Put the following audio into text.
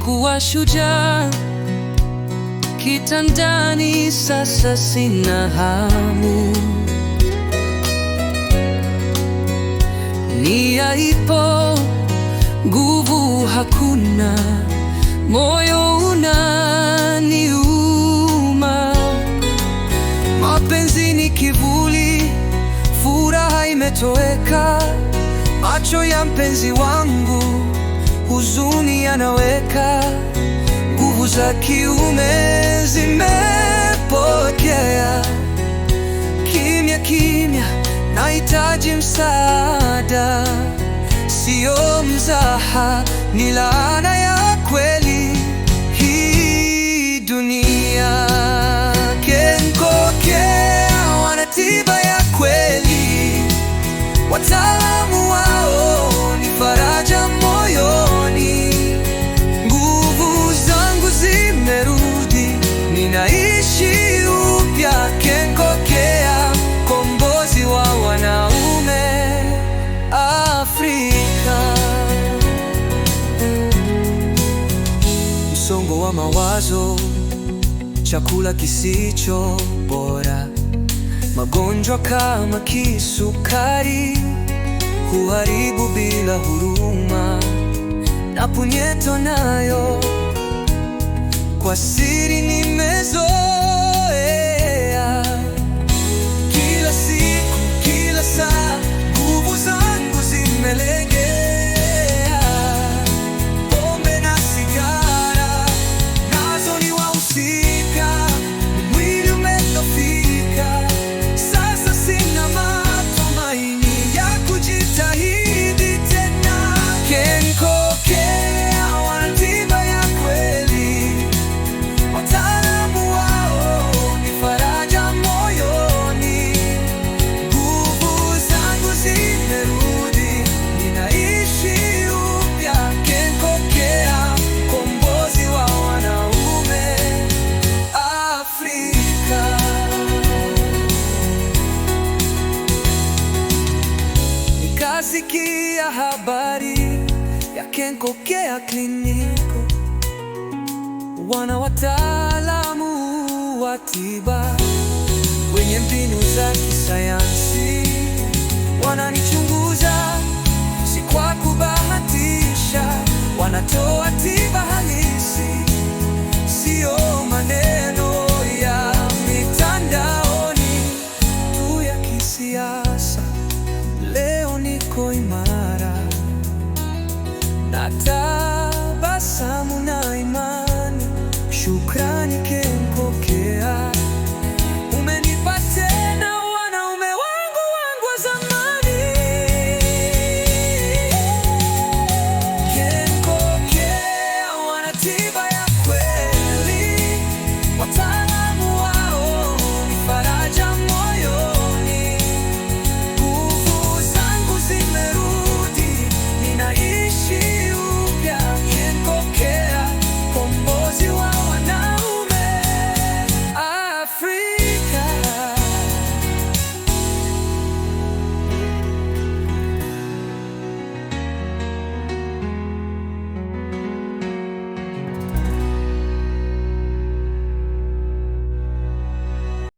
Nilikuwa shujaa kitandani, sasa sina hamu. Nia ipo, nguvu hakuna, moyo unaniuma. Mapenzi ni kivuli, furaha imetoweka macho ya mpenzi wangu huzuni anaweka, nguvu za kiume zimepokea kimya kimya, nahitaji msaada, siyo mzaha, ni laana ya kweli hii dunia. Kenkokea wanatiba ya kweli wata mawazo, chakula kisicho bora, magonjwa kama kisukari huharibu bila huruma, na punyeto nayo kwa siri nimezo habari ya Kenko Care Clinic wana wataalamu wa tiba wenye mbinu za kisayansi wananichunguza got time.